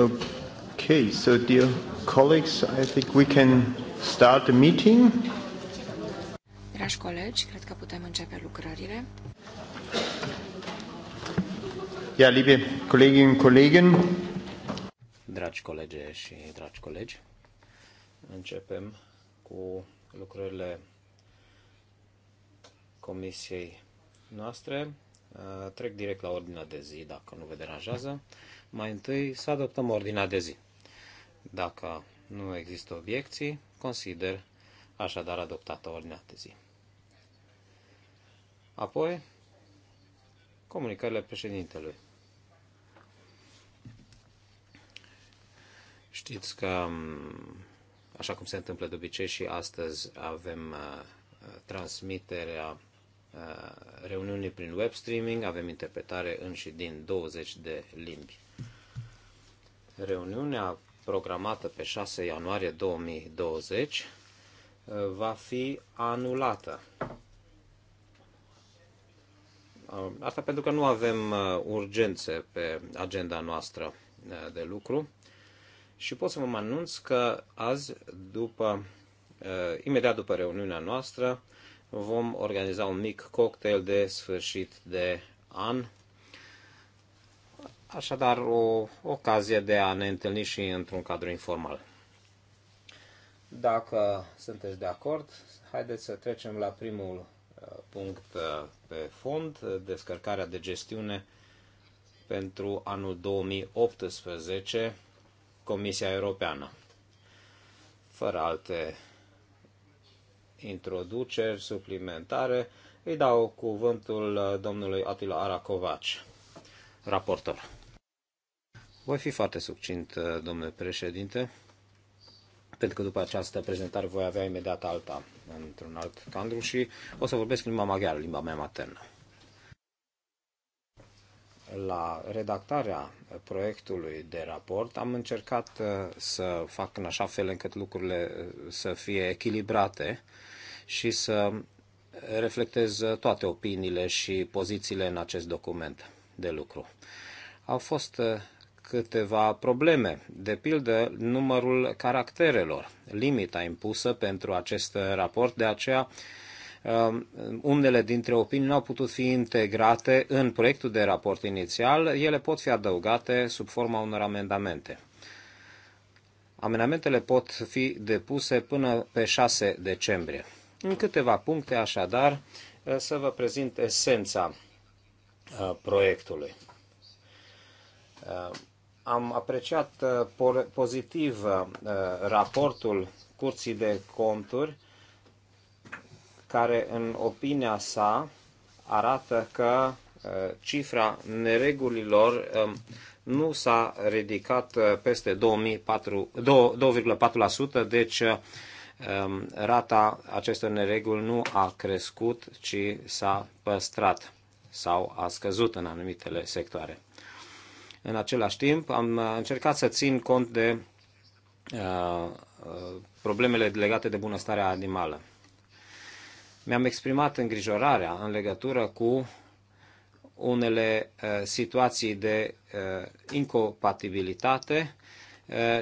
Okay, so dear colleagues, I think we can start the meeting. Dragi colegi, cred că putem începe lucrările. Ja, liebe Kolleginnen und Kollegen. Dragi colegi și dragi colegi, începem cu lucrările comisiei noastre. Trec direct la ordinea de zi, dacă nu vă deranjează mai întâi să adoptăm ordinea de zi. Dacă nu există obiecții, consider așadar adoptată ordinea de zi. Apoi, comunicările președintelui. Știți că, așa cum se întâmplă de obicei și astăzi, avem uh, transmiterea uh, reuniunii prin web streaming, avem interpretare în și din 20 de limbi. Reuniunea programată pe 6 ianuarie 2020 uh, va fi anulată. Uh, asta pentru că nu avem uh, urgențe pe agenda noastră de lucru și pot să vă anunț că azi, după, imediat după reuniunea noastră, vom organiza un mic cocktail de sfârșit de an așadar o ocazie de a ne întâlni și într-un cadru informal. Dacă sunteți de acord, haideți să trecem la primul uh, punct uh, pe fond, uh, descărcarea de gestiune pentru anul 2018, Comisia Europeană. Fără alte introduceri suplimentare, îi dau cuvântul domnului Atila Aracovaci, raportor. Voi fi foarte succint, uh, domnule președinte, pentru că după această prezentare voi avea imediat alta într-un alt cadru și o să vorbesc limba maghiară, limba mea maternă. La redactarea proiectului de raport am încercat uh, să fac în așa fel încât lucrurile uh, să fie echilibrate și să reflectez toate opiniile și pozițiile în acest document de lucru. Au fost câteva probleme, de pildă numărul caracterelor, limita impusă pentru acest raport, de aceea um, unele dintre opinii nu au putut fi integrate în proiectul de raport inițial, ele pot fi adăugate sub forma unor amendamente. Amendamentele pot fi depuse până pe 6 decembrie. În câteva puncte, așadar, uh, să vă prezint esența uh, proiectului. Uh, am apreciat uh, pozitiv uh, raportul Curții de Conturi, care în opinia sa arată că uh, cifra neregulilor um, nu s-a ridicat peste 2,4%, deci um, rata acestor nereguli nu a crescut, ci s-a păstrat sau a scăzut în anumitele sectoare. În același timp, uh, am încercat să țin cont de uh, uh, problemele legate de bunăstarea animală. Mi-am exprimat îngrijorarea în legătură cu unele situații de incompatibilitate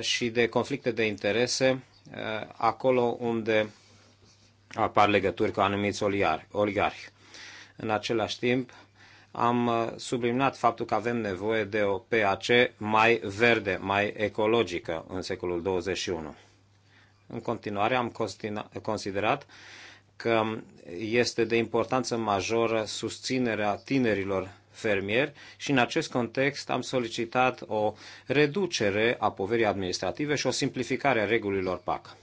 și de conflicte de interese acolo unde apar legături cu anumiți oligarhi. În același timp, am uh, subliniat faptul că avem nevoie de o PAC mai verde, mai ecologică în secolul 21. În continuare am considerat că este de importanță majoră susținerea tinerilor fermieri și în acest context am solicitat o reducere a poverii administrative și o simplificare a regulilor PAC.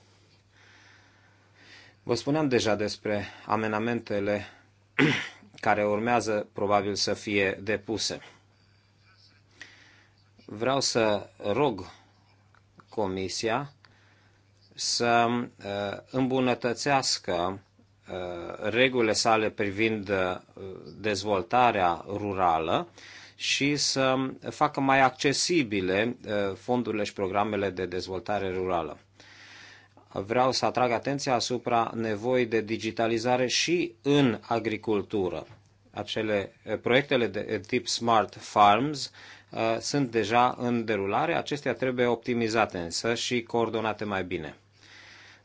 Vă spuneam deja despre amenamentele care urmează probabil să fie depuse. Vreau să rog Comisia să uh, îmbunătățească uh, regulile sale privind uh, dezvoltarea rurală și să facă mai accesibile fondurile și programele de dezvoltare rurală vreau să atrag atenția asupra nevoii de digitalizare și în agricultură. Acele eh, proiectele de eh, tip Smart Farms eh, sunt deja în derulare, acestea trebuie optimizate însă și coordonate mai bine.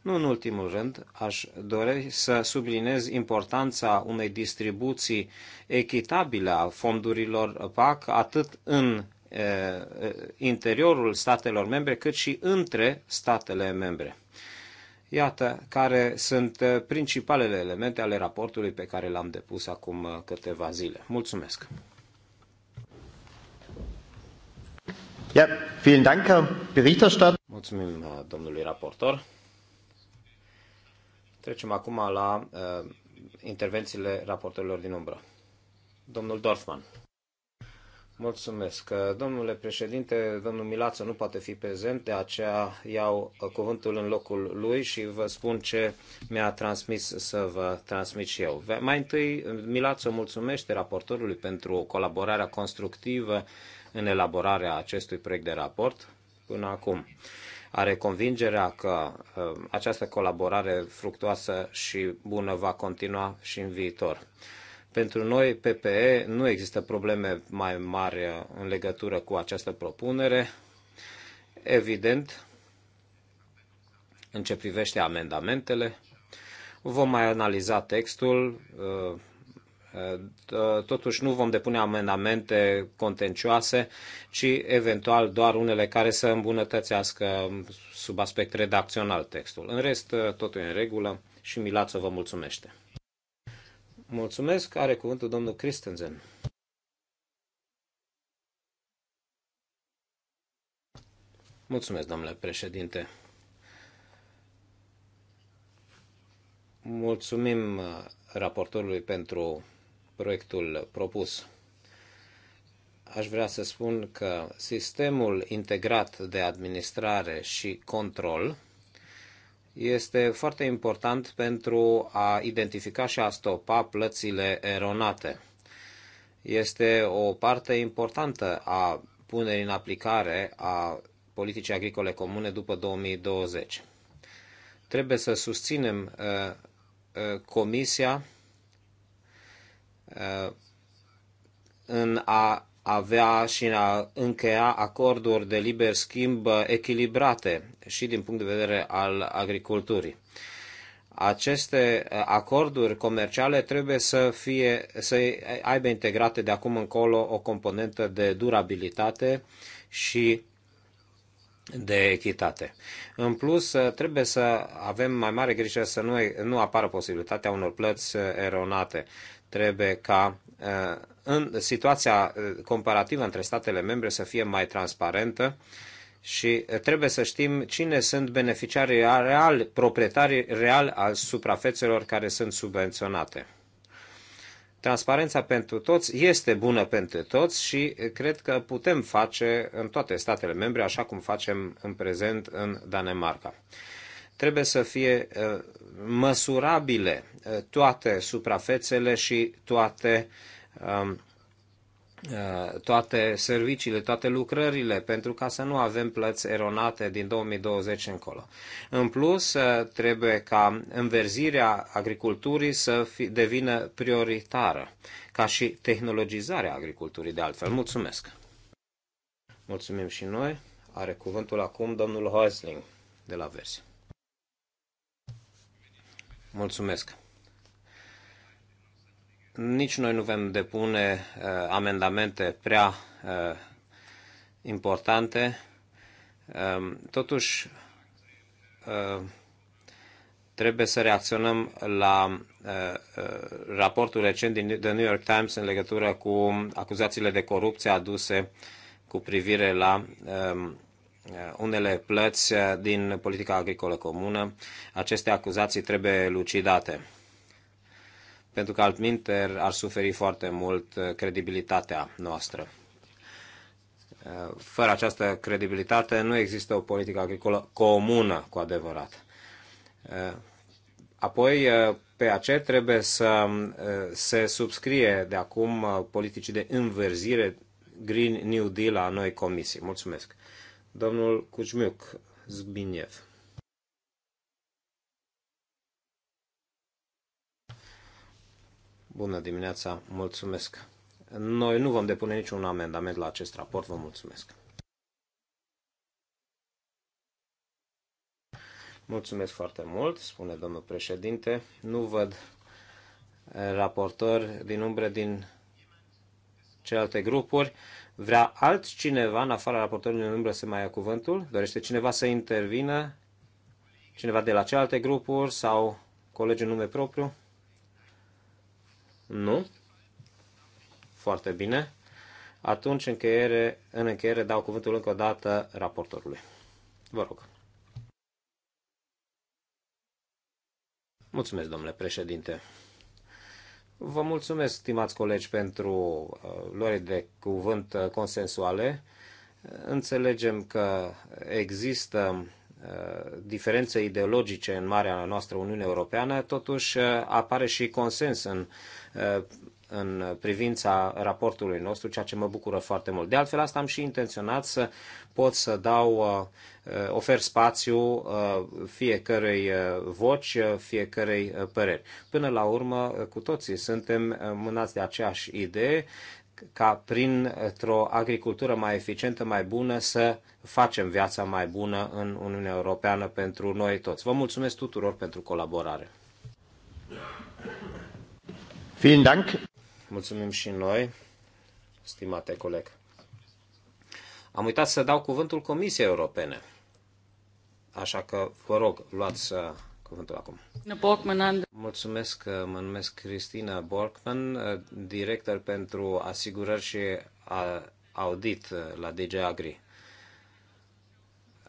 Nu în ultimul rând, aș dori să subliniez importanța unei distribuții echitabile a fondurilor PAC, atât în interiorul statelor membre, cât și între statele membre. Iată care sunt uh, principalele elemente ale raportului pe care l-am depus acum uh, câteva zile. Mulțumesc! Ja, vielen Dank, Herr Berichterstatter. Mulțumim, uh, domnului raportor. Trecem acum la uh, intervențiile raportorilor din umbră. Domnul Dorfman. Mulțumesc. Domnule președinte, domnul Milață nu poate fi prezent, de aceea iau cuvântul în locul lui și vă spun ce mi-a transmis să vă transmit și eu. Mai întâi, Milață mulțumește raportorului pentru colaborarea constructivă în elaborarea acestui proiect de raport până acum. Are convingerea că ă, această colaborare fructuoasă și bună va continua și în viitor. Pentru noi, PPE, nu există probleme mai mari în legătură cu această propunere. Evident, în ce privește amendamentele, vom mai analiza textul, uh, uh, totuși nu vom depune amendamente contencioase, ci eventual doar unele care să îmbunătățească sub aspect redacțional textul. În rest, uh, totul e în regulă și Milață vă mulțumește. Mulțumesc. Are cuvântul domnul Christensen. Mulțumesc, domnule președinte. Mulțumim uh, raportorului pentru proiectul propus. Aș vrea să spun că sistemul integrat de administrare și control este foarte important pentru a identifica și a stopa plățile eronate. Este o parte importantă a punerii în aplicare a politicii agricole comune după 2020. Trebuie să susținem uh, uh, Comisia uh, în a avea și în a încheia acorduri de liber schimb echilibrate și din punct de vedere al agriculturii. Aceste uh, acorduri comerciale trebuie să, fie, să aibă integrate de acum încolo o componentă de durabilitate și de echitate. În plus, uh, trebuie să avem mai mare grijă să nu, nu apară posibilitatea unor plăți uh, eronate. Trebuie ca în situația uh, comparativă între statele membre să fie mai transparentă și uh, trebuie să știm cine sunt beneficiarii reali, proprietarii reali al suprafețelor care sunt subvenționate. Transparența pentru toți este bună pentru toți și uh, cred că putem face în toate statele membre, așa cum facem în prezent în Danemarca. Trebuie să fie măsurabile toate suprafețele și toate Um, uh, toate serviciile, toate lucrările, pentru ca să nu avem plăți eronate din 2020 încolo. În plus, uh, trebuie ca înverzirea agriculturii să devină prioritară, ca și tehnologizarea agriculturii de altfel. Mulțumesc! Mulțumim și noi. Are cuvântul acum domnul Hoisling de la Versi. Mulțumesc! nici noi nu vom depune uh, amendamente prea uh, importante. Um, totuși, uh, trebuie să reacționăm la raportul recent din The New York Times în legătură cu acuzațiile de corupție aduse cu privire la um, unele plăți din politica agricolă comună. Aceste acuzații trebuie lucidate pentru că altminteri ar suferi foarte mult uh, credibilitatea noastră. Uh, fără această credibilitate nu există o politică agricolă comună cu adevărat. Uh, apoi, pe PAC trebuie să se subscrie de acum politicii de înverzire Green New Deal a noi comisii. Mulțumesc. Domnul Cuciumiuc Zbiniev. Bună dimineața, mulțumesc. Noi nu vom depune niciun amendament la acest raport, vă mulțumesc. Mulțumesc foarte mult, spune domnul președinte. Nu văd eh, raportori din umbre din celelalte grupuri. Vrea altcineva, în afara raportorului din umbră, să mai ia cuvântul? Dorește cineva să intervină? Cineva de la celelalte grupuri sau colegi în nume propriu? Nu? Foarte bine. Atunci, încheiere, în încheiere, dau cuvântul încă o dată raportorului. Vă rog. Mulțumesc, domnule președinte. Vă mulțumesc, stimați colegi, pentru uh, luare de cuvânt uh, consensuale. Înțelegem că există diferențe ideologice în marea noastră Uniune Europeană, totuși uh, apare și consens în, uh, în privința raportului nostru, ceea ce mă bucură foarte mult. De altfel, asta am și intenționat să pot să dau, uh, ofer spațiu fiecărei voci, fiecărei păreri. Până la urmă, cu toții suntem mânați de aceeași idee ca prin o agricultură mai eficientă, mai bună, să facem viața mai bună în Uniunea Europeană pentru noi toți. Vă mulțumesc tuturor pentru colaborare. Vielen Dank. Mulțumim și noi, stimate coleg. Am uitat să dau cuvântul Comisiei Europene. Așa că vă rog, luați uh, cuvântul acum. Mulțumesc, uh, mă numesc Cristina Borkman, uh, director pentru asigurări și uh, audit la DG Agri.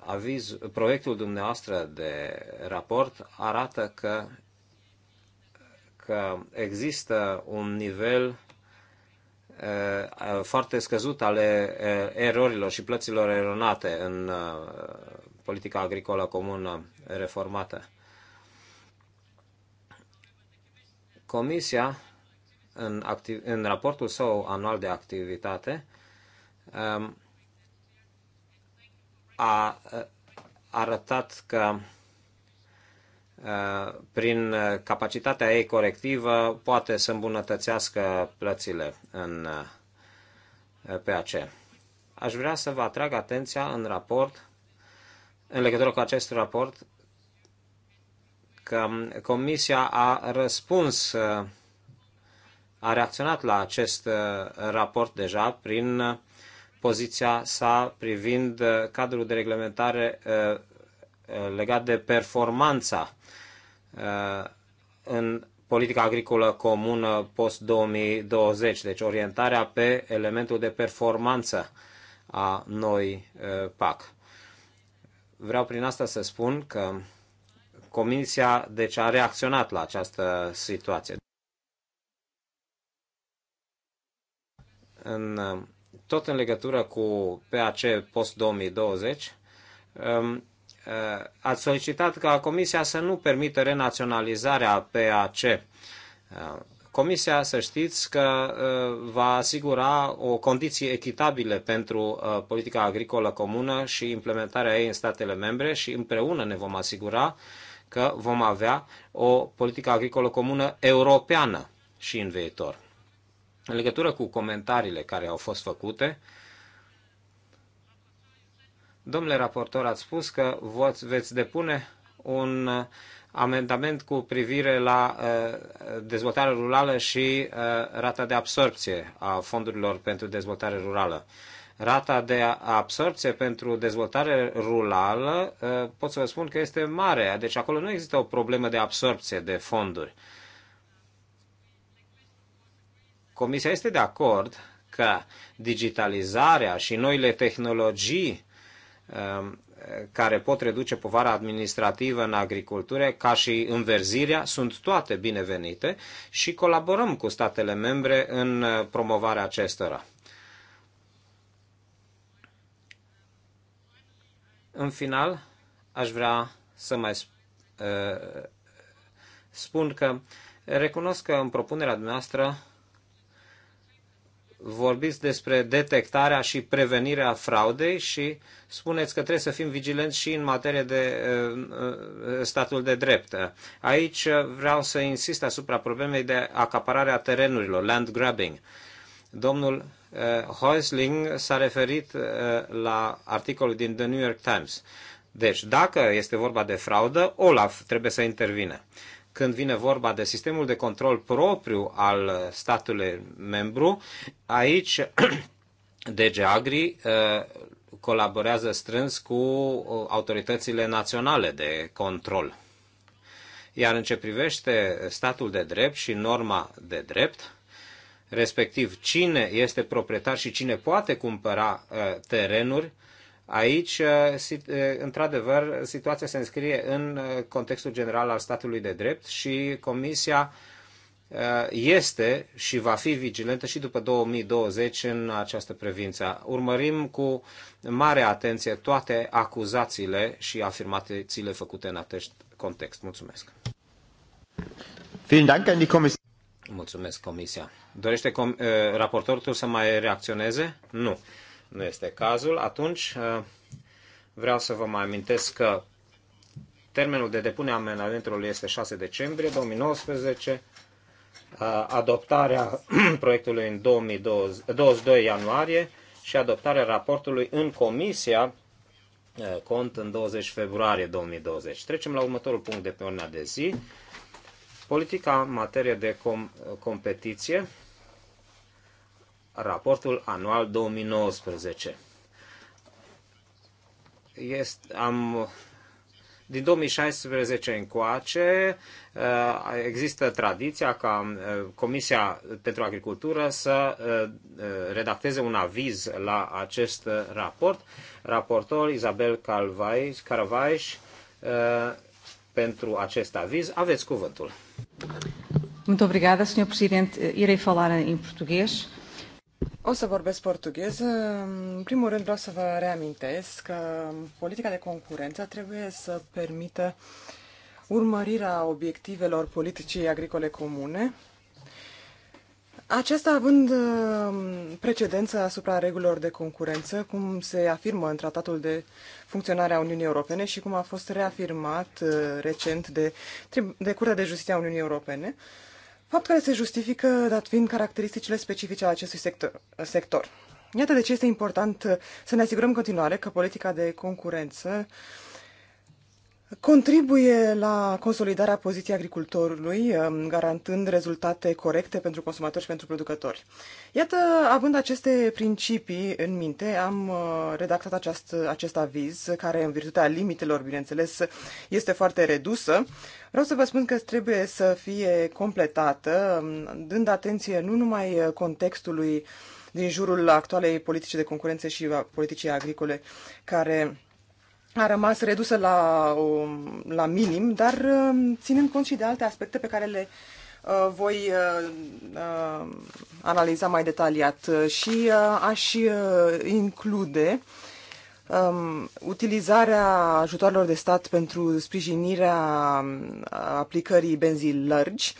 Aviz, proiectul dumneavoastră de raport arată că, că există un nivel foarte scăzut ale erorilor și plăților eronate în politica agricolă comună reformată Comisia, în, activ- în raportul său anual de activitate, um, a arătat că uh, prin capacitatea ei corectivă poate să îmbunătățească plățile în uh, PAC. Aș vrea să vă atrag atenția în raport, în legătură cu acest raport, că Comisia a răspuns, a reacționat la acest uh, raport deja prin poziția sa privind cadrul de reglementare uh, legat de performanța uh, în politica agricolă comună post-2020, deci orientarea pe elementul de performanță a noi PAC. Vreau prin asta să spun că Comisia deci a reacționat la această situație. În, tot în legătură cu PAC post-2020, um, uh, ați solicitat ca Comisia să nu permită renaționalizarea PAC. Uh, Comisia, să știți că uh, va asigura o condiție echitabilă pentru politica agricolă comună și implementarea ei în statele membre și împreună ne vom asigura că vom avea o politică agricolă comună europeană și în viitor. În legătură cu comentariile care au fost făcute, domnule raportor, ați spus că veți depune un amendament cu privire la uh, dezvoltare rurală și uh, rata de absorpție a fondurilor pentru dezvoltare rurală. Rata de absorpție pentru dezvoltare rurală ă, pot să vă spun că este mare, deci acolo nu există o problemă de absorpție de fonduri. Comisia este de acord că digitalizarea și noile tehnologii ă, care pot reduce povara administrativă în agricultură, ca și înverzirea, sunt toate binevenite și colaborăm cu statele membre în promovarea acestora. În final, aș vrea să mai uh, spun că recunosc că în propunerea noastră vorbiți despre detectarea și prevenirea fraudei și spuneți că trebuie să fim vigilenți și în materie de uh, uh, statul de drept. Aici vreau să insist asupra problemei de acapararea a terenurilor, land grabbing. Domnul eh, Häusling s-a referit eh, la articolul din The New York Times. Deci, dacă este vorba de fraudă, Olaf trebuie să intervine. Când vine vorba de sistemul de control propriu al statului membru, aici DG Agri eh, colaborează strâns cu autoritățile naționale de control. Iar în ce privește statul de drept și norma de drept, respectiv cine este proprietar și cine poate cumpăra uh, terenuri, aici, uh, uh, într-adevăr, situația se înscrie în contextul general al statului de drept și Comisia este și va fi vigilentă și după 2020 în această privință. Urmărim cu mare atenție toate acuzațiile și afirmațiile făcute în acest context. Mulțumesc! Mulțumesc, Comisia. Dorește com- raportorul să mai reacționeze? Nu. Nu este cazul. Atunci vreau să vă mai amintesc că termenul de depunere a amendamentului este 6 decembrie 2019, adoptarea proiectului în 2020, 22 ianuarie și adoptarea raportului în Comisia cont în 20 februarie 2020. Trecem la următorul punct de pe ordinea de zi. Politica în materie de com- competiție, raportul anual 2019. Este, am, din 2016 încoace eh, există tradiția ca eh, Comisia pentru Agricultură să eh, redacteze un aviz la acest raport. Raportor Isabel Carvaiș pentru acest aviz. Aveți cuvântul. Muito obrigada, Sr. Presidente. Irei falar em português. O să vorbesc portughez. În primul rând vreau să vă reamintesc că politica de concurență trebuie să permită urmărirea obiectivelor politicii agricole comune, acesta având uh, precedență asupra regulilor de concurență, cum se afirmă în Tratatul de Funcționare a Uniunii Europene și cum a fost reafirmat uh, recent de, de Curtea de Justiție a Uniunii Europene, fapt care se justifică dat fiind caracteristicile specifice ale acestui sector. sector. Iată de ce este important să ne asigurăm în continuare că politica de concurență uh, contribuie la consolidarea poziției agricultorului, um, garantând rezultate corecte pentru consumatori și pentru producători. Iată, având aceste principii în minte, am uh, redactat aceast, acest aviz, care în virtutea limitelor, bineînțeles, este foarte redusă. Vreau să vă spun că trebuie să fie completată, um, dând atenție nu numai contextului din jurul actualei politici de concurență și politicii agricole, care a rămas redusă la, la minim, dar um, ținând cont și de alte aspecte pe care le uh, voi uh, uh, analiza mai detaliat și aș include um, utilizarea ajutoarelor de stat pentru sprijinirea aplicării benzii lărgi,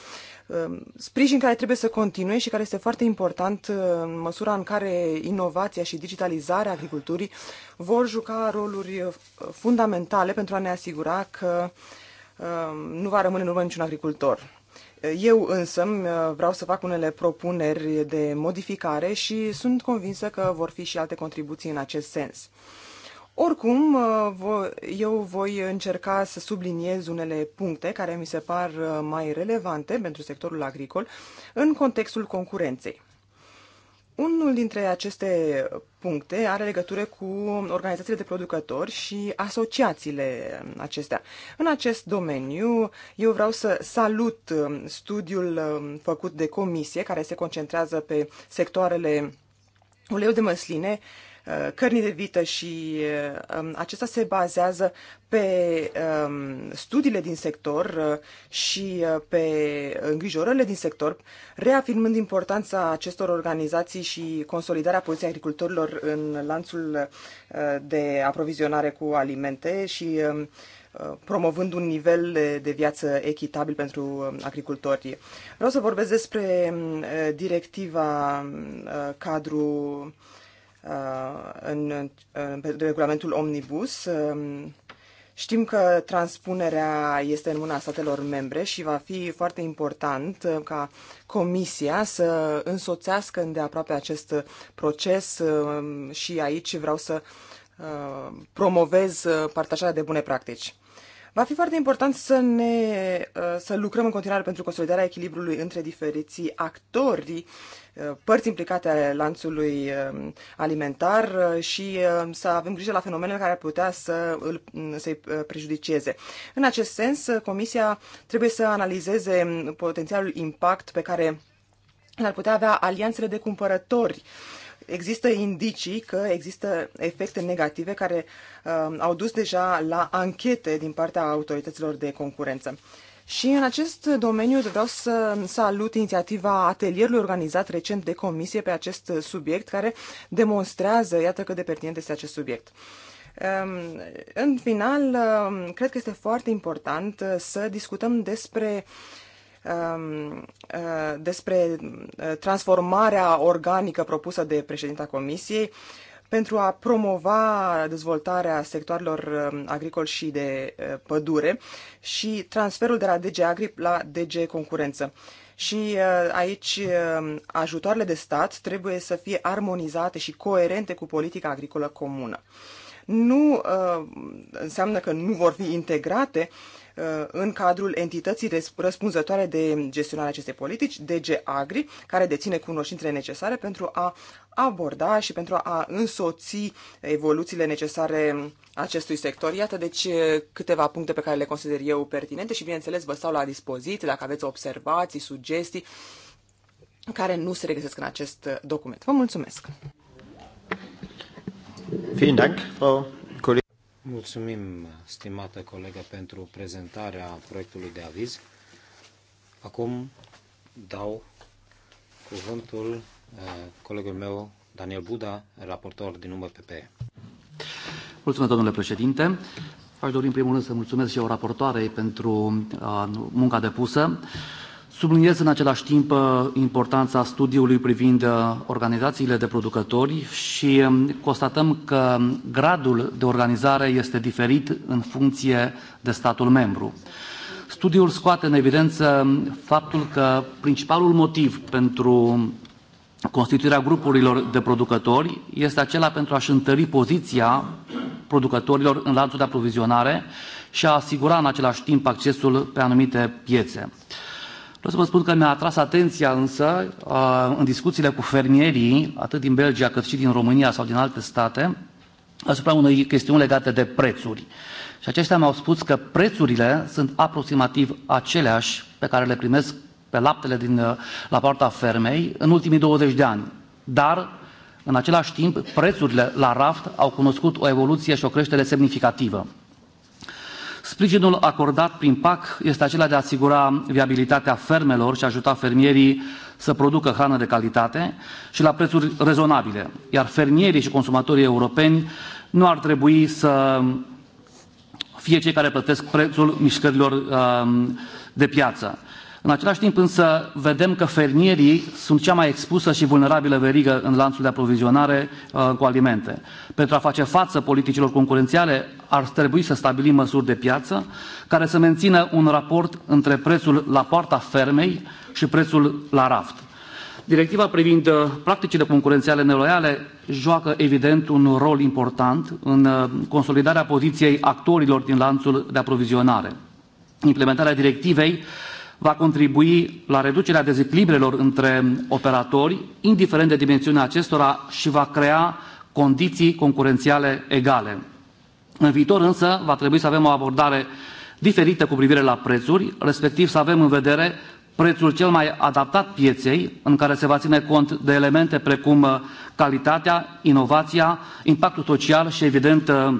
Um, sprijin care trebuie să continue și care este foarte important um, în măsura în care inovația și digitalizarea agriculturii vor juca roluri uh, fundamentale pentru a ne asigura că um, nu va rămâne în urmă niciun agricultor. Eu însă uh, vreau să fac unele propuneri de modificare și sunt convinsă că vor fi și alte contribuții în acest sens. Oricum, uh, eu voi încerca să subliniez unele puncte care mi se par uh, mai relevante pentru sectorul agricol în contextul concurenței. Unul dintre aceste puncte are legătură cu organizațiile de producători și asociațiile acestea. În acest domeniu, eu vreau să salut um, studiul um, făcut de comisie care se concentrează pe sectoarele uleiul de măsline, Uh, cărnii de vită și uh, um, acesta se bazează pe um, studiile din sector uh, și pe îngrijorările din sector, reafirmând importanța acestor organizații și consolidarea poziției agricultorilor în lanțul de aprovizionare cu alimente și um, promovând un nivel de viață echitabil pentru agricultori. Vreau să vorbesc despre directiva cadru Uh, în, în regulamentul Omnibus. Um, știm că transpunerea este în mâna statelor membre și va fi foarte important uh, ca Comisia să însoțească îndeaproape acest proces um, și aici vreau să uh, promovez partajarea de bune practici. Va fi foarte important să ne uh, să lucrăm în continuare pentru consolidarea echilibrului între diferiții actori, uh, părți implicate ale lanțului um, alimentar uh, și să avem grijă la fenomenele care ar putea să îl, mm, să-i prejudicieze. În acest sens, Comisia trebuie să analizeze mm, potențialul impact pe care l-ar putea avea alianțele de cumpărători uh, există indicii că există efecte negative care uh, au dus deja la anchete din partea autorităților de concurență. Și în acest domeniu vreau să salut inițiativa atelierului organizat recent de comisie pe acest subiect, care demonstrează, iată cât de pertinent este acest subiect. Um, în final, um, cred că este foarte important să discutăm despre uh, Um, uh, despre uh, transformarea organică propusă de președinta Comisiei pentru a promova dezvoltarea sectoarelor um, agricol și de uh, pădure și transferul de la DG Agri la DG Concurență. Și aici um, ajutoarele de stat trebuie să fie armonizate și coerente cu politica agricolă comună. Nu înseamnă că nu vor fi integrate, Uh, în cadrul entității răspunzătoare de gestionarea acestei politici, DG Agri, care deține cunoștințele necesare pentru a aborda și pentru a însoți evoluțiile necesare acestui sector. Iată deci câteva puncte pe care le consider eu pertinente și bineînțeles vă stau la dispoziție dacă aveți observații, sugestii care nu se regăsesc în acest document. Vă mulțumesc! Vielen Dank, Frau Mulțumim, stimată colegă, pentru prezentarea proiectului de aviz. Acum dau cuvântul uh, meu, Daniel Buda, raportor din număr PP. Mulțumesc, domnule președinte. Aș dori, în primul rând, să mulțumesc și eu raportoarei pentru uh, munca depusă. Subliniez în același timp uh, importanța studiului privind uh, organizațiile de producători și um, constatăm că gradul de organizare este diferit în funcție de statul membru. Studiul scoate în evidență um, faptul că principalul motiv pentru constituirea grupurilor de producători este acela pentru a-și întări poziția producătorilor în lanțul de aprovizionare și a asigura în același timp accesul pe anumite piețe. Vreau să vă spun că mi-a atras atenția însă în discuțiile cu fermierii, atât din Belgia cât și din România sau din alte state, asupra unei chestiuni legate de prețuri. Și aceștia mi-au spus că prețurile sunt aproximativ aceleași pe care le primesc pe laptele din, uh, la poarta fermei în ultimii 20 de ani. Dar, în același timp, prețurile la raft au cunoscut o evoluție și o creștere semnificativă sprijinul acordat prin pac este acela de a asigura viabilitatea fermelor și a ajuta fermierii să producă hrană de calitate și la prețuri rezonabile iar fermierii și consumatorii europeni nu ar trebui să fie cei care plătesc prețul mișcărilor ehm, de piață în același timp însă vedem că fermierii sunt cea mai expusă și vulnerabilă verigă în lanțul de aprovizionare uh, cu alimente. pentru a face față politicilor concurențiale ar trebui să stabilim măsuri de piață care să mențină un raport între prețul la poarta fermei și prețul la raft. Directiva privind uh, practicile concurențiale neloiale joacă evident un rol important în uh, consolidarea poziției actorilor din lanțul de aprovizionare. Implementarea directivei va contribui la reducerea dezechilibrelor între operatori, indiferent de dimensiunea acestora, și va crea condiții concurențiale egale. În viitor însă va trebui să avem o abordare diferită cu privire la prețuri, respectiv să avem în vedere prețul cel mai adaptat pieței, în care se va ține cont de elemente precum uh, calitatea, inovația, impactul social și, evident, uh,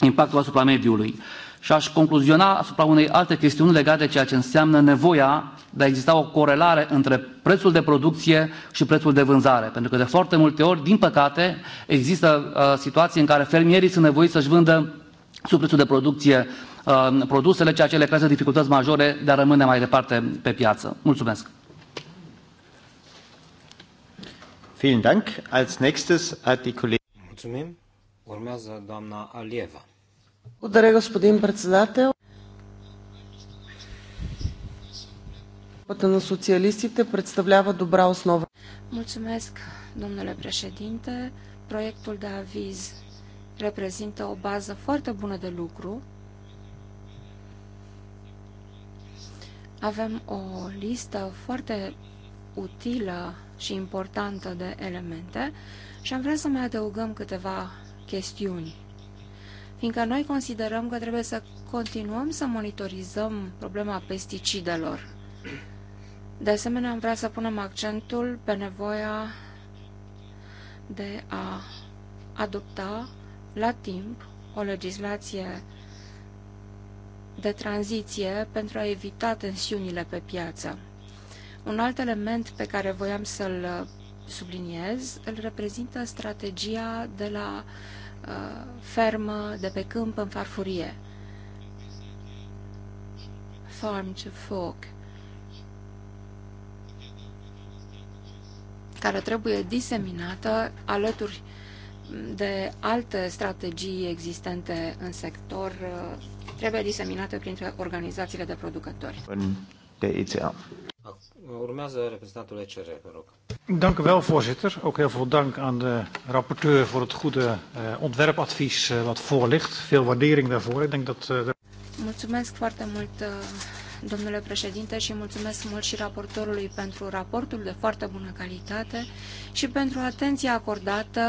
impactul asupra mediului și aș concluziona asupra unei alte chestiuni legate de ceea ce înseamnă nevoia de a exista o corelare între prețul de producție și prețul de vânzare pentru că de foarte multe ori din păcate există uh, situații în care fermierii sunt nevoiți să își vândă sub prețul de producție uh, produsele ceea ce le creează dificultăți majore de a rămâne mai departe pe piață. Mulțumesc! Mulțumim. Urmează doamna Alieva. Благодаря, господин председател. Групата на социалистите представлява добра Mulțumesc, domnule președinte. Proiectul de aviz reprezintă o bază foarte bună de lucru. Avem o listă foarte utilă și importantă de elemente și am vrea să mai adăugăm câteva chestiuni fiindcă noi considerăm că trebuie să continuăm să monitorizăm problema pesticidelor. De asemenea, am vrea să punem accentul pe nevoia de a adopta la timp o legislație de tranziție pentru a evita tensiunile pe piață. Un alt element pe care voiam să-l subliniez îl reprezintă strategia de la Uh, fermă, de pe câmp în farfurie. Farm to fork. care trebuie diseminată alături de alte strategii existente în sector, uh, trebuie diseminată printre organizațiile de producători. Urmează reprezentantul ECR, vă rog. Dank u wel, voorzitter. Ook heel veel dank aan de rapporteur voor het goede uh, ontwerpadvies uh, wat voor ligt. Veel waardering daarvoor. Ik denk dat, uh, Mulțumesc foarte mult, domnule președinte, și mulțumesc mult și raportorului pentru raportul de foarte bună calitate și pentru atenția acordată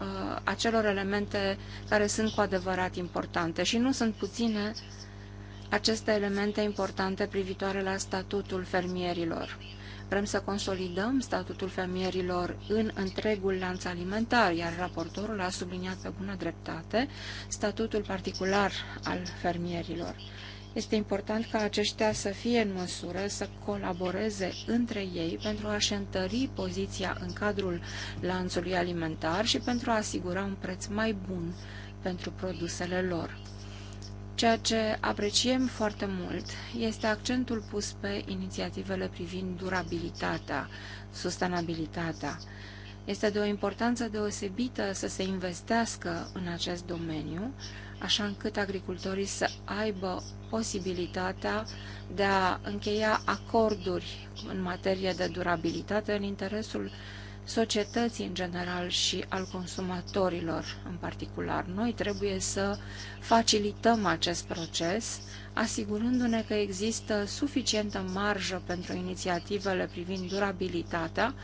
uh, acelor elemente care sunt cu adevărat importante și nu sunt puține uh, aceste elemente importante privitoare la statutul fermierilor. Vrem să consolidăm statutul fermierilor în întregul lanț alimentar, iar raportorul a subliniat pe bună dreptate statutul particular al fermierilor. Este important ca aceștia să fie în măsură să colaboreze între ei pentru a-și întări poziția în cadrul lanțului alimentar și pentru a asigura un preț mai bun pentru produsele lor. Ceea ce apreciem foarte mult este accentul pus pe inițiativele privind durabilitatea, sustenabilitatea. Este de o importanță deosebită să se investească în acest domeniu, așa încât agricultorii să aibă posibilitatea de a încheia acorduri în materie de durabilitate în interesul societății în general și al consumatorilor în particular. Noi trebuie să facilităm acest proces, asigurându-ne că există suficientă marjă pentru inițiativele privind durabilitatea,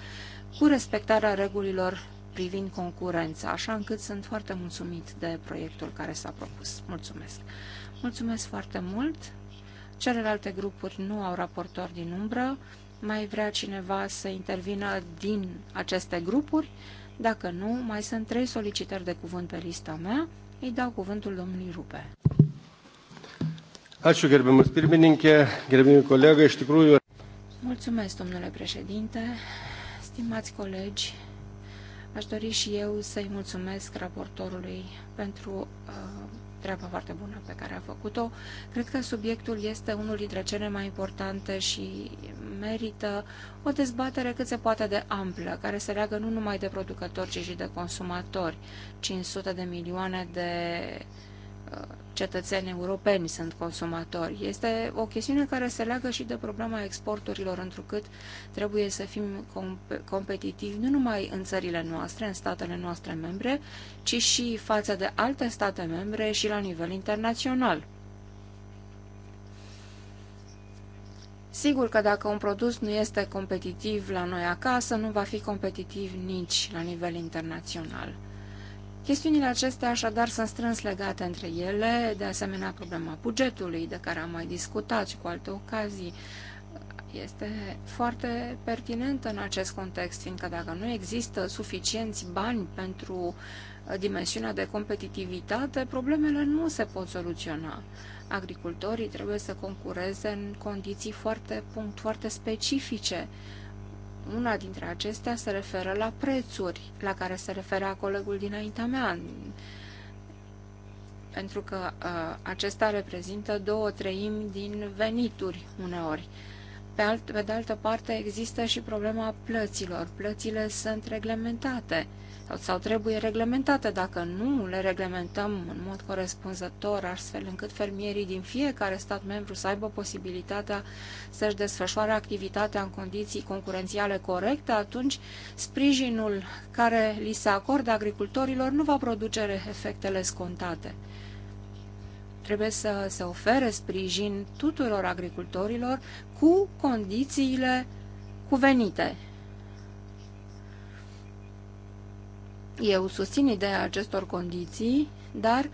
cu respectarea regulilor privind concurența, așa încât sunt foarte mulțumit de proiectul care s-a propus. Mulțumesc! Mulțumesc foarte mult! Celelalte grupuri nu au raportori din umbră, mai vrea cineva să intervină din aceste grupuri? Dacă nu, mai sunt trei solicitări de cuvânt pe lista mea. Îi dau cuvântul domnului Rupe. Ačiū, gerbiamas pirmininkė, Mulțumesc, domnule președinte, stimați colegi, aș dori și eu să-i mulțumesc raportorului pentru uh, treaba foarte bună pe care a făcut-o. Cred că subiectul este unul dintre cele mai importante și merită o dezbatere cât se poate de amplă, care se leagă nu numai de producători, ci și de consumatori. 500 de milioane de uh, cetățeni europeni sunt consumatori. Este o chestiune care se leagă și de problema exporturilor, întrucât trebuie să fim comp- competitivi nu numai în țările noastre, în statele noastre membre, ci și față de alte state membre și la nivel internațional. Sigur că dacă un produs nu este competitiv la noi acasă, nu va fi competitiv nici la nivel internațional. Chestiunile acestea așadar sunt strâns legate între ele, de asemenea problema bugetului, de care am mai discutat și cu alte ocazii, este foarte pertinentă în acest context, fiindcă dacă nu există suficienți bani pentru uh, dimensiunea de competitivitate, problemele nu se pot soluționa. Agricultorii trebuie să concureze în condiții foarte, punct, foarte specifice, una dintre acestea se referă la prețuri, la care se referea colegul dinaintea mea, pentru că uh, acesta reprezintă două treimi din venituri uneori. Uh, pe, alt, pe de altă parte, există și problema plăților. Plățile sunt reglementate sau trebuie reglementate. Dacă nu le reglementăm în mod corespunzător, astfel încât fermierii din fiecare stat membru să aibă posibilitatea să-și desfășoare activitatea în condiții concurențiale corecte, atunci sprijinul care li se acordă agricultorilor nu va produce efectele scontate. Trebuie să se ofere sprijin tuturor agricultorilor cu condițiile cuvenite. Eu susțin ideea acestor condiții, dar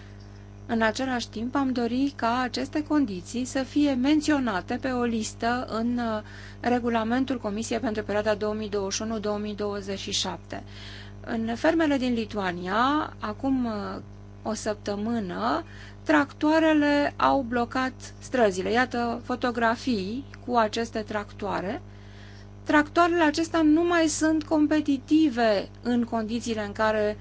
în același timp am dori ca aceste condiții să fie menționate pe o listă în uh, regulamentul Comisiei pentru perioada 2021-2027. În fermele din Lituania, acum uh, o săptămână, tractoarele au blocat străzile. Iată fotografii cu aceste tractoare. Tractoarele acestea nu mai sunt competitive în condițiile în care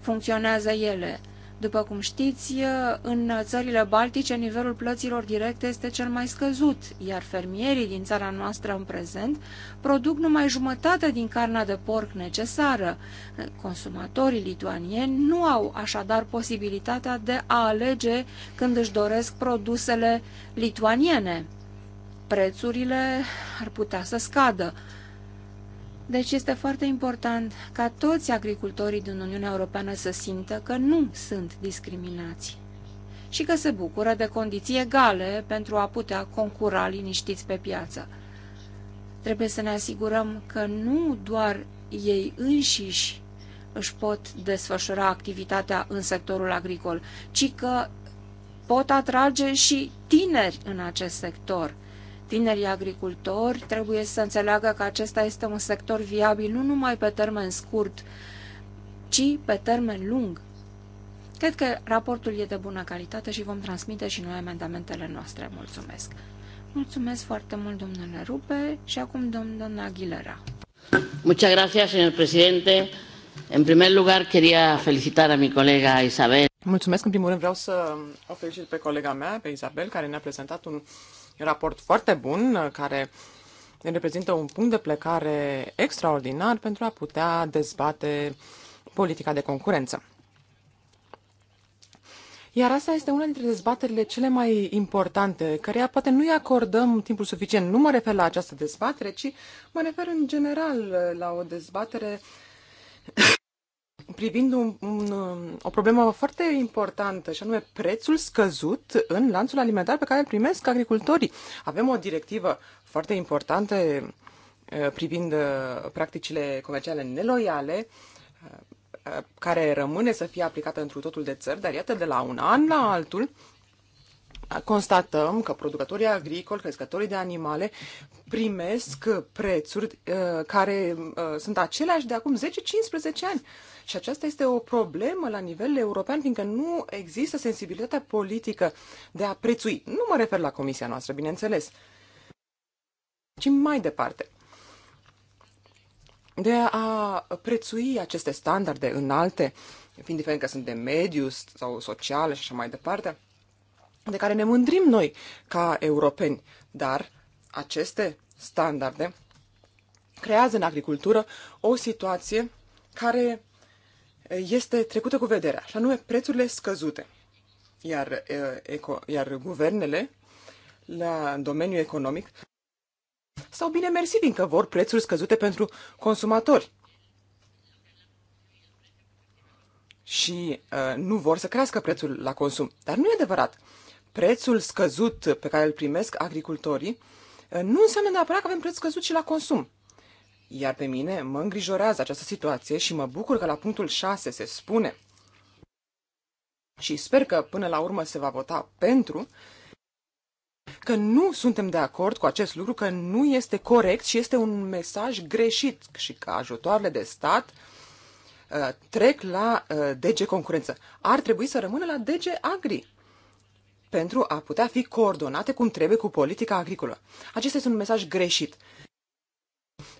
funcționează ele. După cum știți, în țările baltice nivelul plăților directe este cel mai scăzut, iar fermierii din țara noastră în prezent produc numai jumătate din carnea de porc necesară. Consumatorii lituanieni nu au așadar posibilitatea de a alege când își doresc produsele lituaniene. Prețurile ar putea să scadă. Deci este foarte important ca toți agricultorii din Uniunea Europeană să simtă că nu sunt discriminați și că se bucură de condiții egale pentru a putea concura liniștiți pe piață. Trebuie să ne asigurăm că nu doar ei înșiși își pot desfășura activitatea în sectorul agricol, ci că pot atrage și tineri în acest sector – Tinerii agricultori trebuie să înțeleagă că acesta este un sector viabil nu numai pe termen scurt, ci pe termen lung. Cred că raportul e de bună calitate și vom transmite și noi amendamentele noastre. Mulțumesc! Mulțumesc foarte mult, domnule Rupe, și acum doamna Aguilera. Muchas gracias, señor presidente. En primer lugar, quería felicitar a mi colega Isabel. Mulțumesc. În primul rând vreau să o felicit pe colega mea, pe Isabel, care ne-a prezentat un un raport foarte bun uh, care reprezintă un punct de plecare extraordinar pentru a putea dezbate politica de concurență. Iar asta este una dintre dezbaterile cele mai importante, căreia poate nu-i acordăm timpul suficient. Nu mă refer la această dezbatere, ci mă refer în general uh, la o dezbatere privind un, un, um, o problemă foarte importantă, și anume prețul scăzut în lanțul alimentar pe care îl primesc agricultorii. Avem o directivă foarte importantă uh, privind uh, practicile comerciale neloiale, uh, care rămâne să fie aplicată într un totul de țări, dar iată, de la un an la altul, constatăm că producătorii agricoli, crescătorii de animale primesc prețuri care sunt aceleași de acum 10-15 ani. Și aceasta este o problemă la nivel european, fiindcă nu există sensibilitatea politică de a prețui. Nu mă refer la comisia noastră, bineînțeles, ci mai departe de a prețui aceste standarde înalte, fiind diferent că sunt de mediu sau sociale și așa mai departe, de care ne mândrim noi ca europeni. Dar aceste standarde creează în agricultură o situație care este trecută cu vederea, și anume prețurile scăzute. Iar, eco, iar guvernele, la, domeniul economic, sau bine mersi, fiindcă vor prețuri scăzute pentru consumatori. Și uh, nu vor să crească prețul la consum. Dar nu e adevărat. Prețul scăzut pe care îl primesc agricultorii uh, nu înseamnă neapărat că avem preț scăzut și la consum. Iar pe mine mă îngrijorează această situație și mă bucur că la punctul 6 se spune și sper că până la urmă se va vota pentru, că nu suntem de acord cu acest lucru, că nu este corect și este un mesaj greșit și că ajutoarele de stat uh, trec la uh, DG Concurență. Ar trebui să rămână la DG Agri pentru a putea fi coordonate cum trebuie cu politica agricolă. Acesta este un mesaj greșit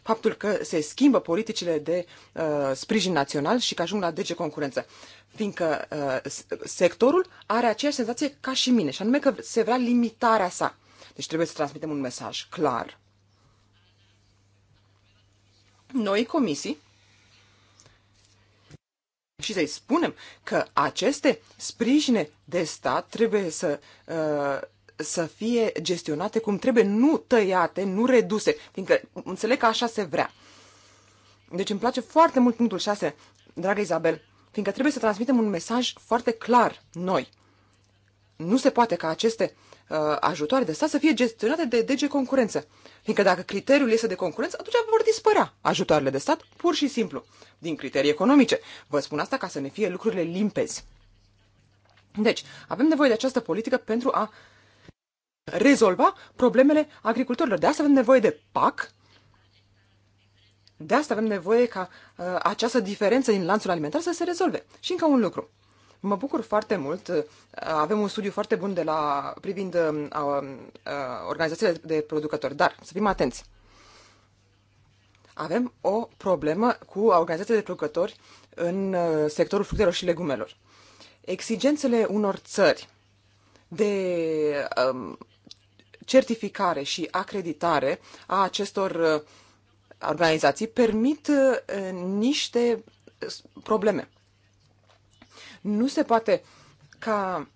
faptul că se schimbă politicile de uh, sprijin național și că ajung la DG Concurență. Fiindcă uh, sectorul are aceeași senzație ca și mine, și anume că se vrea limitarea sa. Deci trebuie să transmitem un mesaj clar. Noi comisii și să-i spunem că aceste sprijine de stat trebuie să uh, să fie gestionate cum trebuie, nu tăiate, nu reduse, fiindcă înțeleg că așa se vrea. Deci îmi place foarte mult punctul 6, dragă Izabel, fiindcă trebuie să transmitem un mesaj foarte clar noi. Nu se poate ca aceste uh, ajutoare de stat să fie gestionate de DG Concurență. Fiindcă dacă criteriul este de concurență, atunci vor dispărea ajutoarele de stat pur și simplu, din criterii economice. Vă spun asta ca să ne fie lucrurile limpezi. Deci, avem nevoie de această politică pentru a uh, rezolva problemele agricultorilor. De asta avem nevoie de PAC, de asta avem nevoie ca uh, această diferență din lanțul alimentar să se rezolve. Și încă un lucru. Mă bucur foarte mult. Uh, avem un studiu foarte bun de la, privind uh, uh, uh, organizațiile de producători, dar să fim atenți. Avem o problemă cu organizațiile de producători în uh, sectorul fructelor și legumelor. Exigențele unor țări de um, certificare și acreditare a acestor uh, organizații permit uh, niște uh, probleme. Nu se poate ca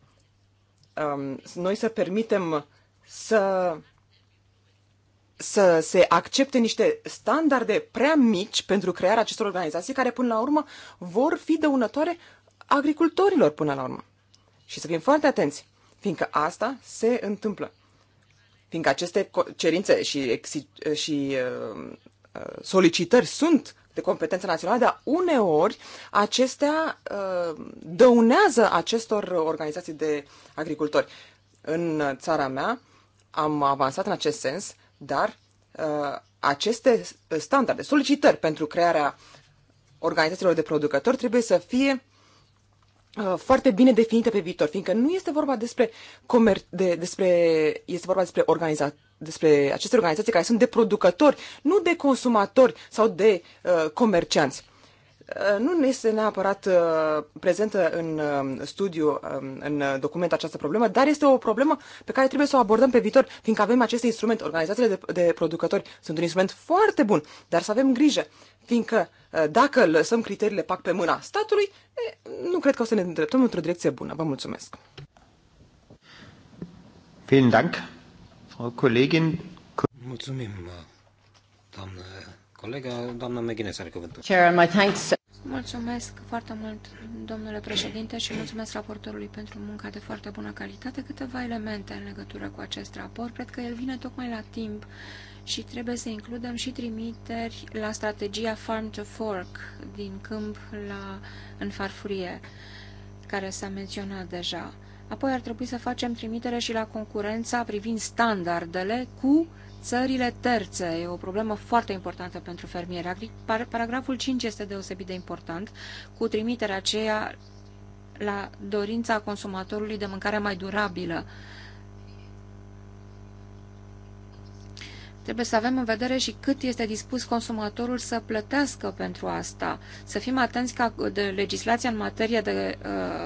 um, noi să permitem să să se accepte niște standarde prea mici pentru crearea acestor organizații care până la urmă vor fi dăunătoare agricultorilor până la urmă. Și să fim foarte atenți, fiindcă asta se întâmplă fiindcă aceste cerințe și, și uh, uh, solicitări sunt de competență națională, dar uneori acestea uh, dăunează acestor organizații de agricultori. În țara mea am avansat în acest sens, dar aceste standarde, solicitări pentru crearea organizațiilor de producători trebuie să fie Uh, foarte bine definite pe viitor, fiindcă nu este vorba despre comer- de, despre este vorba despre organiza- despre aceste organizații care sunt de producători, nu de consumatori sau de uh, comercianți. Uh, nu este neapărat uh, prezentă în uh, studiu, um, în document această problemă, dar este o problemă pe care trebuie să o abordăm pe viitor, fiindcă avem acest instrument. Organizațiile de, de producători sunt un instrument foarte bun, dar să avem grijă, fiindcă dacă lăsăm criteriile PAC pe mâna statului, nu cred că o să ne îndreptăm într-o direcție bună. Vă mulțumesc! Vielen Dank, Frau Kollegin. Mulțumim, doamnă colegă. Doamna McGuinness are cuvântul. Chair, my thanks. Mulțumesc foarte mult, domnule președinte, și mulțumesc raportorului pentru munca de foarte bună calitate. Câteva elemente în legătură cu acest raport. Cred că el vine tocmai la timp și trebuie să includem și trimiteri la strategia Farm to Fork din câmp la, în farfurie, care s-a menționat deja. Apoi ar trebui să facem trimitere și la concurența privind standardele cu Țările terțe e o problemă foarte importantă pentru fermieri. Paragraful 5 este deosebit de important, cu trimiterea aceea la dorința consumatorului de mâncare mai durabilă. Trebuie să avem în vedere și cât este dispus consumatorul să plătească pentru asta. Să fim atenți ca de legislația în materie de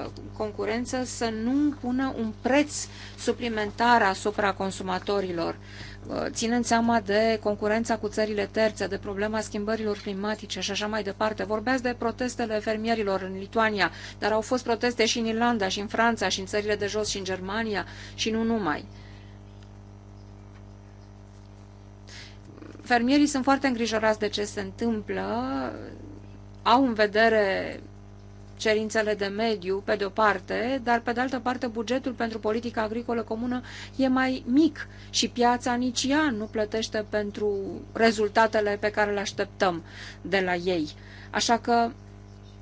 uh, concurență să nu pună un preț suplimentar asupra consumatorilor. Uh, Uh, ținând seama de concurența cu țările terțe, de problema schimbărilor climatice și așa mai departe. Vorbeați de protestele fermierilor în Lituania, dar au fost proteste și în Irlanda, și în Franța, și în țările de jos, și în Germania, și nu numai. Fermierii sunt foarte îngrijorați de ce se întâmplă, au în vedere cerințele de mediu, pe de-o parte, dar pe de altă parte bugetul pentru politica agricolă comună e mai mic și piața nici ea nu plătește pentru rezultatele pe care le așteptăm de la ei. Așa că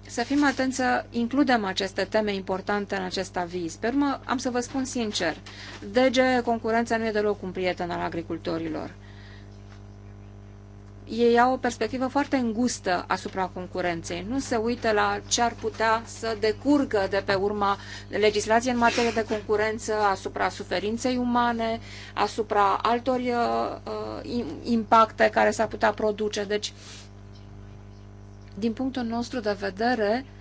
să fim atenți să includem aceste teme importante în acest aviz. Pe urmă, am să vă spun sincer, DG Concurența nu e deloc un prieten al agricultorilor ei au o perspectivă foarte îngustă asupra concurenței. Nu se uită la ce ar putea să decurgă de pe urma legislației în materie de concurență, asupra suferinței umane, asupra altor uh, uh impacte care s-ar putea produce. Deci, din punctul nostru de vedere, uh,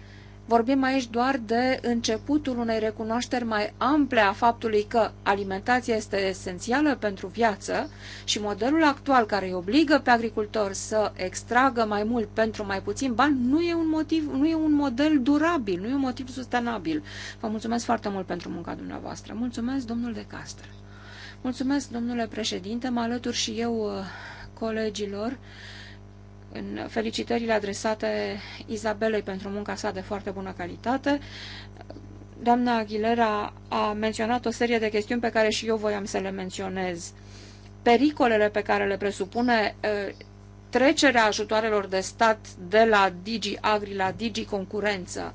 Vorbim aici doar de începutul unei recunoașteri mai ample a faptului că alimentația este esențială pentru viață și modelul actual care îi obligă pe agricultori să extragă mai mult pentru mai puțin bani nu e un, motiv, nu e un model durabil, nu e un motiv sustenabil. Vă mulțumesc foarte mult pentru munca dumneavoastră. Mulțumesc, domnul de Castră. Mulțumesc, domnule președinte, mă alătur și eu uh, colegilor în felicitările adresate Izabelei pentru munca sa de foarte bună calitate. Doamna Aguilera a menționat o serie de chestiuni pe care și eu voiam să le menționez. Pericolele pe care le presupune trecerea ajutoarelor de stat de la Digi Agri la Digi Concurență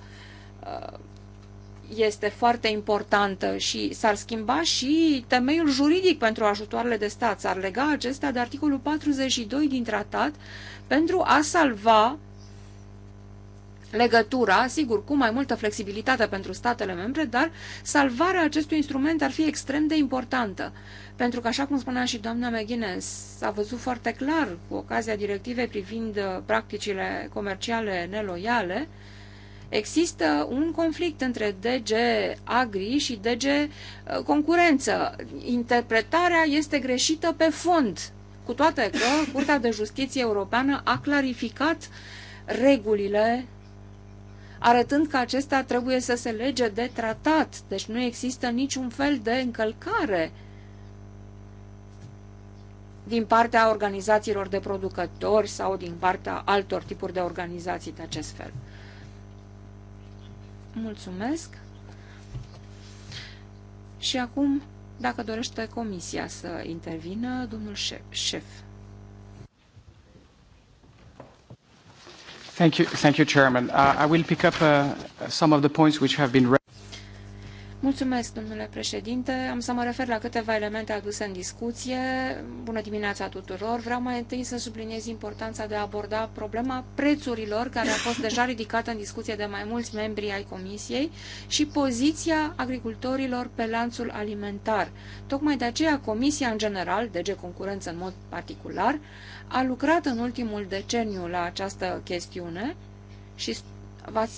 este foarte importantă și s-ar schimba și temeiul juridic pentru ajutoarele de stat. S-ar lega acesta de articolul 42 din tratat pentru a salva legătura, sigur, cu mai multă flexibilitate pentru statele membre, dar salvarea acestui instrument ar fi extrem de importantă. Pentru că, așa cum spunea și doamna McGuinness, s-a văzut foarte clar cu ocazia directivei privind uh, practicile comerciale neloiale, uh, Există un conflict între DG Agri și DG uh, Concurență. Interpretarea este greșită pe fond, cu toate că Curtea de Justiție Europeană a clarificat regulile arătând că acesta trebuie să se lege de tratat, deci nu există niciun fel de încălcare din partea organizațiilor de producători sau din partea altor tipuri de organizații de acest fel. Mulțumesc. Și acum, dacă dorește comisia să intervină, domnul șef. șef. Thank you, thank you, Chairman. Uh, I will pick up uh, some of the points which have been raised. Mulțumesc, domnule președinte. Am să mă refer la câteva elemente aduse în discuție. Bună dimineața tuturor. Vreau mai întâi să subliniez importanța de a aborda problema prețurilor, care a fost deja ridicată în discuție de mai mulți membri ai Comisiei, și poziția agricultorilor pe lanțul alimentar. Tocmai de aceea Comisia, în general, DG Concurență în mod particular, a lucrat în ultimul deceniu la această chestiune și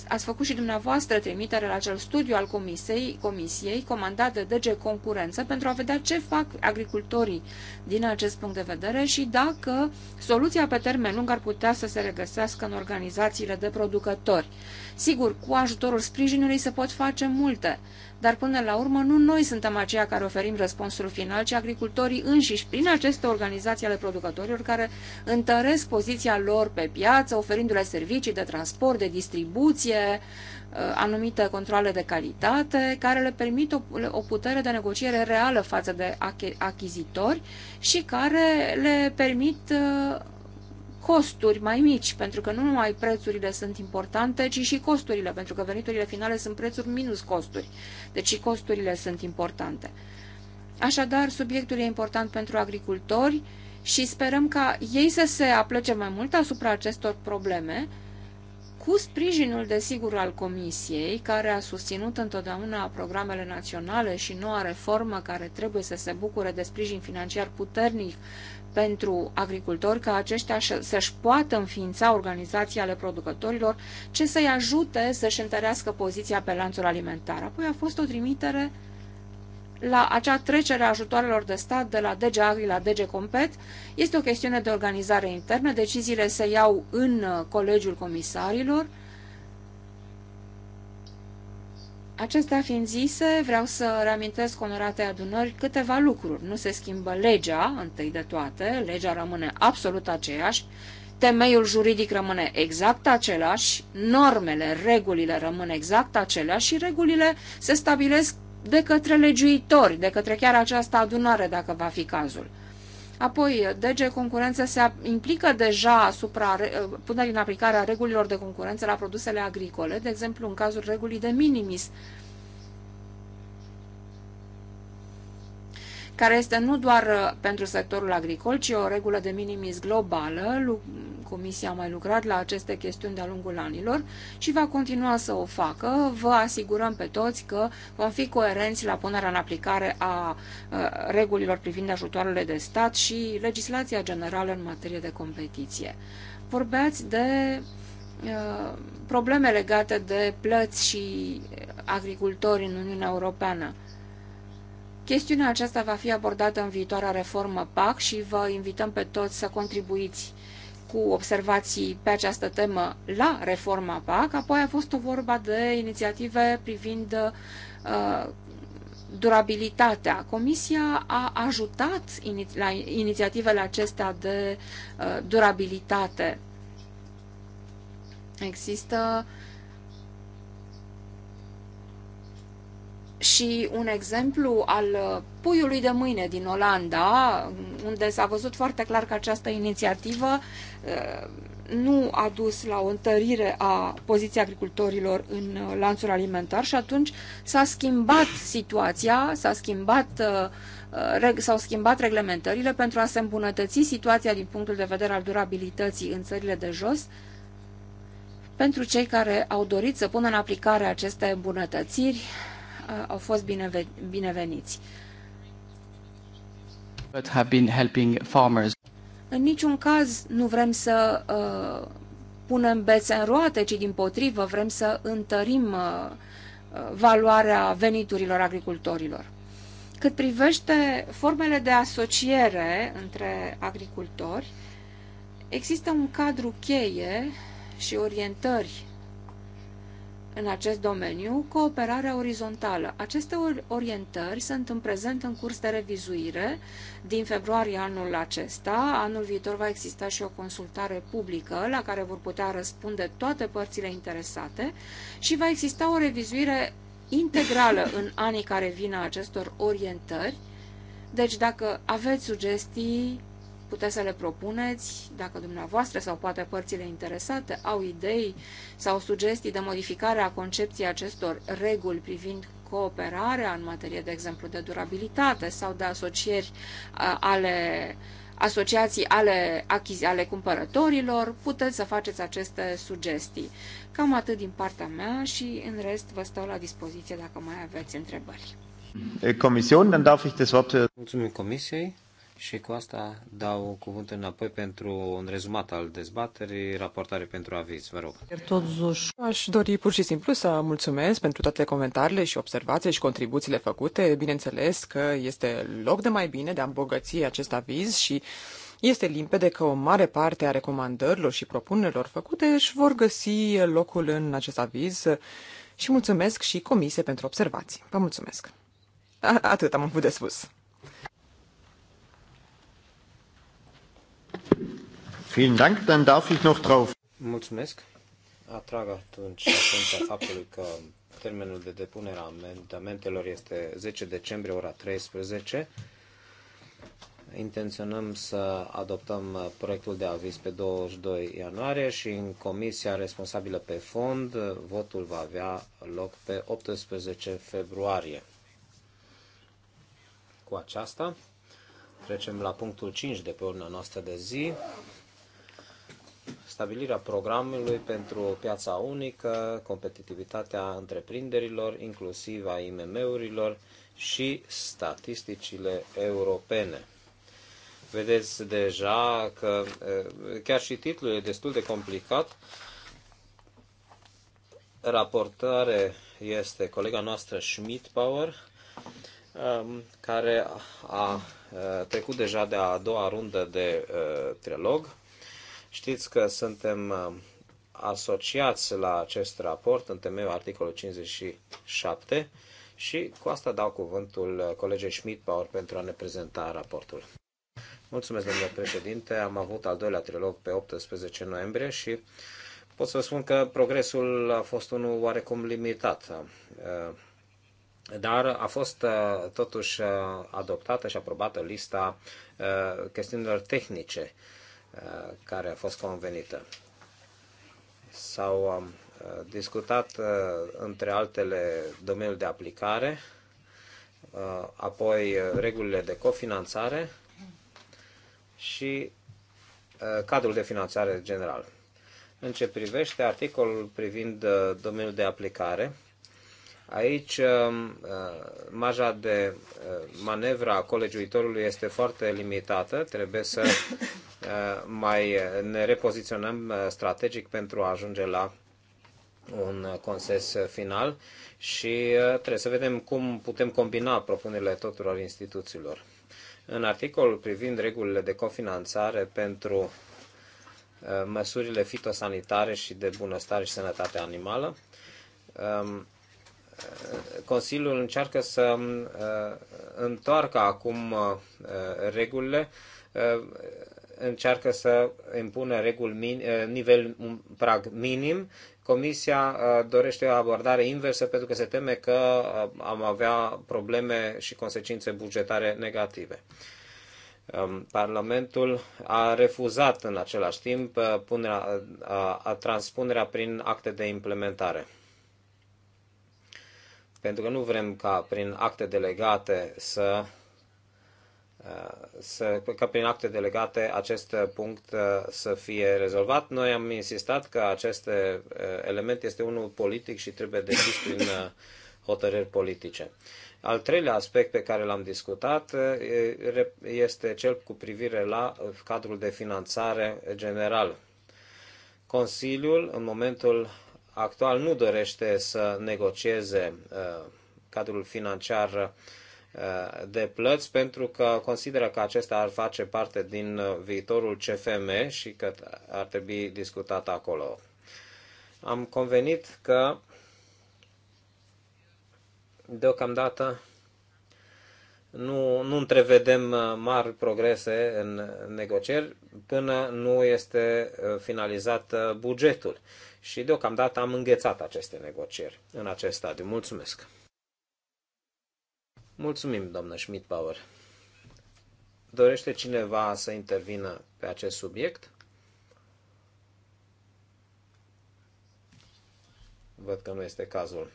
ați făcut și dumneavoastră trimitere la acel studiu al comisiei, comisiei comandat de DG Concurență pentru a vedea ce fac agricultorii din acest punct de vedere și dacă soluția pe termen lung ar putea să se regăsească în organizațiile de producători. Sigur, cu ajutorul sprijinului se pot face multe, dar până la urmă nu noi suntem aceia care oferim răspunsul final, ci agricultorii înșiși prin aceste organizații ale producătorilor care întăresc poziția lor pe piață, oferindu-le servicii de transport, de distribuție, uh, anumite controle de calitate, care le permit o, o putere de negociere reală față de achizitori și care le permit uh, costuri mai mici, pentru că nu numai prețurile sunt importante, ci și costurile, pentru că veniturile finale sunt prețuri minus costuri. Deci și costurile sunt importante. Așadar, subiectul e important pentru agricultori și sperăm ca ei să se aplece mai mult asupra acestor probleme, cu sprijinul, desigur, al Comisiei, care a susținut întotdeauna programele naționale și noua reformă care trebuie să se bucure de sprijin financiar puternic pentru agricultori ca aceștia să-și poată înființa organizații ale producătorilor ce să-i ajute să-și întărească poziția pe lanțul alimentar. Apoi a fost o trimitere la acea trecere a ajutoarelor de stat de la DG Agri la DG Compet. Este o chestiune de organizare internă, deciziile se iau în uh, Colegiul Comisarilor, Acestea fiind zise, vreau să reamintesc onorate adunări câteva lucruri. Nu se schimbă legea, întâi de toate, legea rămâne absolut aceeași, temeiul juridic rămâne exact același, normele, regulile rămân exact aceleași și regulile se stabilesc de către legiuitori, de către chiar această adunare, dacă va fi cazul. Apoi, DG Concurență se implică deja asupra uh, punerii în aplicare a regulilor de concurență la produsele agricole, de exemplu în cazul regulii de minimis care este nu doar uh, pentru sectorul agricol, ci o regulă de minimis globală. Comisia a mai lucrat la aceste chestiuni de-a lungul anilor și va continua să o facă. Vă asigurăm pe toți că vom fi coerenți la punerea în aplicare a uh, regulilor privind ajutoarele de stat și legislația generală în materie de competiție. Vorbeați de uh, probleme legate de plăți și agricultori în Uniunea Europeană. Chestiunea aceasta va fi abordată în viitoarea reformă PAC și vă invităm pe toți să contribuiți cu observații pe această temă la reforma PAC. Apoi a fost o vorba de inițiative privind uh, durabilitatea. Comisia a ajutat ini la inițiativele acestea de uh, durabilitate. Există uh, Și un exemplu al uh, puiului de mâine din Olanda, mm, unde s-a văzut foarte clar că această inițiativă uh, nu a dus la o întărire a poziției agricultorilor în uh, lanțul alimentar și atunci s-a schimbat situația, s-a schimbat s-au schimbat reglementările pentru a se îmbunătăți situația din punctul de vedere al durabilității în țările de jos, pentru cei care au dorit să pună în aplicare aceste îmbunătățiri, Uh, au fost bineveniți. But have been helping farmers. În niciun caz nu vrem să uh, punem bețe în roate, ci din potrivă vrem să întărim uh, uh valoarea veniturilor agricultorilor. Cât privește formele de asociere între agricultori, există un cadru cheie și orientări în acest domeniu cooperarea orizontală. Aceste orientări sunt în prezent în curs de revizuire din februarie anul acesta. Anul viitor va exista și o consultare publică la care vor putea răspunde toate părțile interesate și va exista o revizuire integrală în anii care vin a acestor orientări. Deci dacă aveți sugestii, puteți să le propuneți, dacă dumneavoastră sau poate părțile interesate au idei sau sugestii de modificare a concepției acestor reguli privind cooperarea în materie, de exemplu, de durabilitate sau de asocieri ale asociații ale, achizi, ale cumpărătorilor, puteți să faceți aceste sugestii. Cam atât din partea mea și în rest vă stau la dispoziție dacă mai aveți întrebări. Comisiune, dann darf ich das Wort... Mulțumim Comisiei. Și cu asta dau cuvântul înapoi pentru un rezumat al dezbaterii, raportare pentru aviz, vă rog. Aș dori pur și simplu să mulțumesc pentru toate comentariile și observațiile și contribuțiile făcute. Bineînțeles că este loc de mai bine de a îmbogăți acest aviz și este limpede că o mare parte a recomandărilor și propunerilor făcute își vor găsi locul în acest aviz și mulțumesc și comise pentru observații. Vă mulțumesc. A- atât am avut de spus. Vielen Dank, dann darf ich noch drauf. Mulțumesc. Atrag atunci atenția faptului că termenul de depunere a amendamentelor este 10 decembrie, ora 13. Intenționăm să adoptăm proiectul de aviz pe 22 ianuarie și în comisia responsabilă pe fond votul va avea loc pe 18 februarie. Cu aceasta trecem la punctul 5 de pe urna noastră de zi, stabilirea programului pentru piața unică, competitivitatea întreprinderilor, inclusiv a IMM-urilor și statisticile europene. Vedeți deja că eh, chiar și titlul e destul de complicat. Raportare este colega noastră Schmidt Power, ehm, care a eh, trecut deja de a doua rundă de eh, trilog Știți că suntem uh, asociați la acest raport în temeiul articolului 57 și cu asta dau cuvântul uh, colegei Schmidt-Bauer pentru a ne prezenta raportul. Mulțumesc, domnule președinte. Am avut al doilea trilog pe 18 noiembrie și pot să vă spun că progresul a fost unul oarecum limitat. Uh, dar a fost totuși adoptată și aprobată lista chestiunilor tehnice Uh, care a fost convenită. S-au um, uh, discutat, uh, între altele, domeniul de aplicare, apoi regulile de cofinanțare și cadrul de finanțare general. În ce privește articolul privind domeniul de aplicare, aici um, marja de manevră a colegiuitorului este foarte limitată, trebuie să Uh, mai uh, ne repoziționăm uh, strategic pentru a ajunge la un consens final și trebuie să vedem cum putem combina propunerile tuturor instituțiilor. În articol privind regulile de cofinanțare pentru măsurile fitosanitare și de bunăstare și sănătate animală, um, Consiliul încearcă să întoarcă acum regulile încearcă să impună reguli min, eh, nivel prag minim. Comisia eh, dorește o abordare inversă pentru că se teme că eh, am avea probleme și consecințe bugetare negative. Ehm, Parlamentul a refuzat în același timp punerea, a, a transpunerea prin acte de implementare. Pentru că nu vrem ca prin acte delegate să uh, să, că prin acte delegate acest punct uh, să fie rezolvat. Noi am insistat că acest uh, element este unul politic și trebuie decis prin uh, hotărâri politice. Al treilea aspect pe care l-am discutat este cel cu privire la cadrul de finanțare general. Consiliul, în momentul actual, nu dorește să negocieze cadrul financiar uh, Uh, de plăți pentru că consideră că acesta ar face parte din uh, viitorul CFM și că ar trebui discutat acolo. Am convenit că deocamdată nu, nu întrevedem uh, mari progrese în negocieri până nu este finalizat bugetul. Și deocamdată am înghețat aceste negocieri în acest stadiu. Mulțumesc! Mulțumim, doamnă schmidt Power. Dorește cineva să intervină pe acest subiect? Văd că nu este cazul.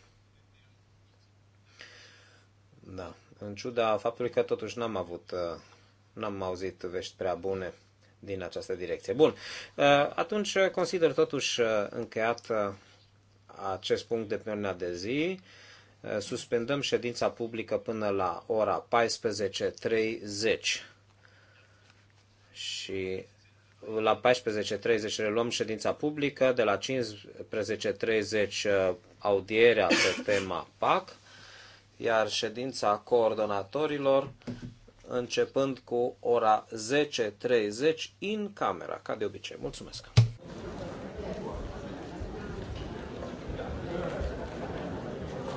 Da. În ciuda faptului că totuși n-am avut, uh, n-am auzit vești prea bune din această direcție. Bun. Uh, atunci consider totuși uh, încheiat acest punct de pe ordinea de zi. Eh, suspendăm ședința publică până la ora 14.30 și la 14.30 reluăm ședința publică, de la 15.30 eh, audierea pe tema PAC, iar ședința coordonatorilor începând cu ora 10.30 în camera, ca de obicei. Mulțumesc!